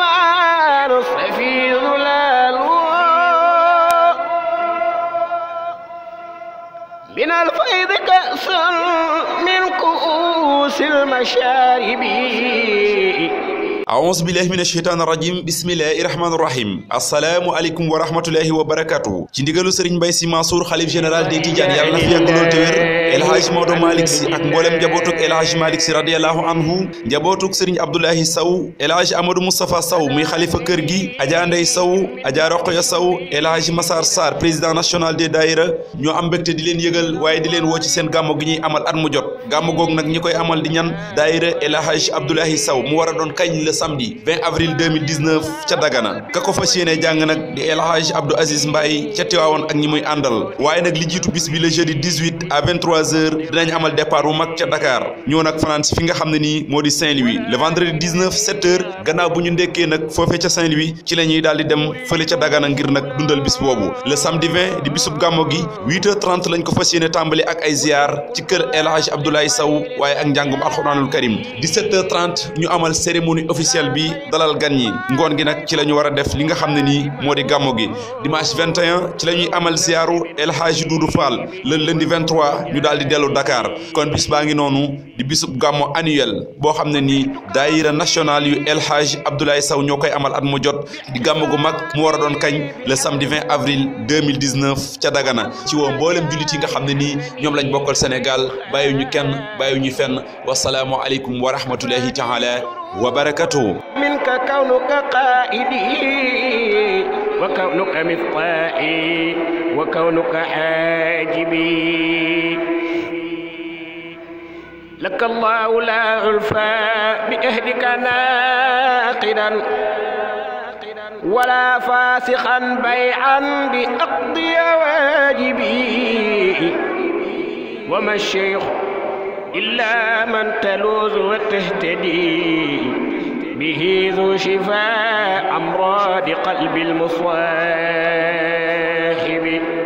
الغبار في ظلال من الفيض كأس من كؤوس المشارب أعوذ بالله من الsheytaan rajim bismillahi rahmaani rahim asalaamualeykum wa rahmatullahi wa barakatu ci ndigalu Serigne Mbaye Sy Mansour xalif général des Tidianes yàlla na fi yàgg lool te wér El Hadj Maodo Malick si ak mboolem njabootuk El Hadj Malick si radiyallahu anhu njabootuk Serigne Abdoulahi Sow El Hadj Amadou Moustapha muy xalifa kër gi Adja Ndeye Sow Adja Roqoya Sow El Hadj Massar Sarr président national des daïra ñoo am mbégte di leen yëgal waaye di leen woo ci seen gàmmu gi ñuy amal at mu jot gàmmu goog nag ñi koy amal di ñan daïra El Hadj Abdoulahi mu war a doon kañ le samedi 20 avril 2019 ca Dagana ka ko fas yéene jàng nag di El Hadj Abdou Aziz Mbaye ca 23 heures dinañ amal départ bu mag ca Dakar ñoo nag fanaan fi nga xam ne nii moo di Saint-Louis le vendredi 19 7 heures gannaaw bu ñu ndekkee nag foofee ca Saint-Louis ci la ñuy dem fële ca Dagana ngir nag dundal bis boobu le samedi di bisub gàmmo gi 8 heures 30 lañ ko fas yéene tàmbali ak ay ziar ci kër El Hadj Abdoulaye waaye ak njàngum alxuraanul karim 17 heures 30 ñu amal cérémonie officielle bi dalal gan ñi ngoon gi nag ci la ñu def li nga xam ne nii moo di gàmmo gi dimanche 21 ci la daal di dellu Dakar kon bis baa ngi noonu di bisub gàmmo annuel boo xam ne nii daayira national yu El Hadj Abdoulaye Sow ñoo koy amal at mu jot di gàmm gu mag mu war doon kañ le samedi 20 avril 2019 ca Dagana ci woo mboolem jullit yi nga xam ne nii ñoom lañ bokkal Sénégal bàyyiwuñu kenn bàyyiwuñu fenn wasalaamualeykum wa rahmatullahi taala wa barakatuhu minka kawnuka qaidi wa kawnuka mifqai wa kawnuka hajibi لك الله لا عرفا بأهلك ناقدا ولا فاسخا بيعا بأقضي واجبي وما الشيخ إلا من تلوذ وتهتدي به ذو شفاء أمراض قلب المصاحب